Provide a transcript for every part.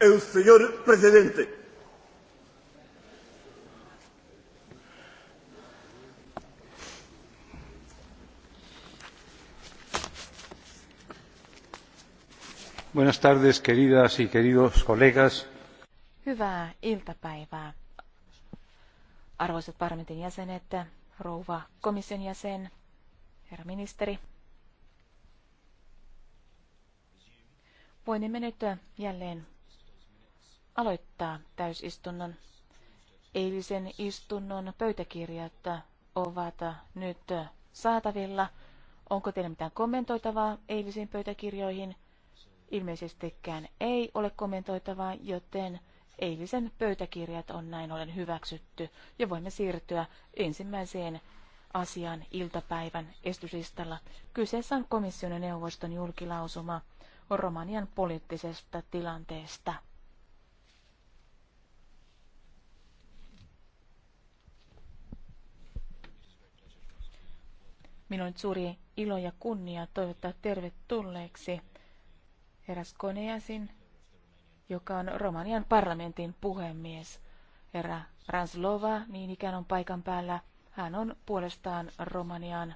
el señor presidente. Buenas tardes, queridas y queridos colegas. Hyvää iltapäivää, arvoisat parlamentin jäsenet, rouva komission jäsen, herra ministeri. Voimme nyt jälleen aloittaa täysistunnon. Eilisen istunnon pöytäkirjat ovat nyt saatavilla. Onko teillä mitään kommentoitavaa eilisiin pöytäkirjoihin? Ilmeisestikään ei ole kommentoitavaa, joten eilisen pöytäkirjat on näin ollen hyväksytty ja voimme siirtyä ensimmäiseen asiaan iltapäivän estysistalla. Kyseessä on komission ja neuvoston julkilausuma Romanian poliittisesta tilanteesta. Minun on suuri ilo ja kunnia toivottaa tervetulleeksi eräs koneasin, joka on Romanian parlamentin puhemies. Herra Ranslova niin ikään on paikan päällä. Hän on puolestaan Romanian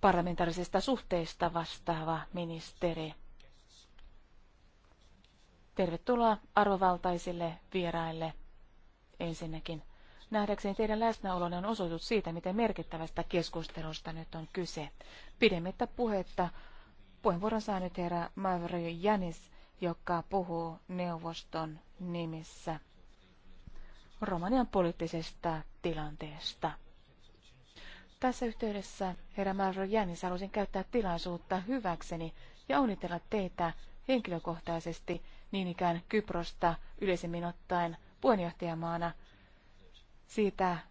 parlamentaarisesta suhteista vastaava ministeri. Tervetuloa arvovaltaisille vieraille ensinnäkin. Nähdäkseni teidän läsnäolonne on osoitus siitä, miten merkittävästä keskustelusta nyt on kyse. Pidemmittä puhetta puheenvuoron saa nyt herra Mavri Janis, joka puhuu neuvoston nimissä Romanian poliittisesta tilanteesta. Tässä yhteydessä, herra Mavro Jänis, haluaisin käyttää tilaisuutta hyväkseni ja onnitella teitä henkilökohtaisesti niin ikään Kyprosta yleisemmin ottaen puheenjohtajamaana siitä,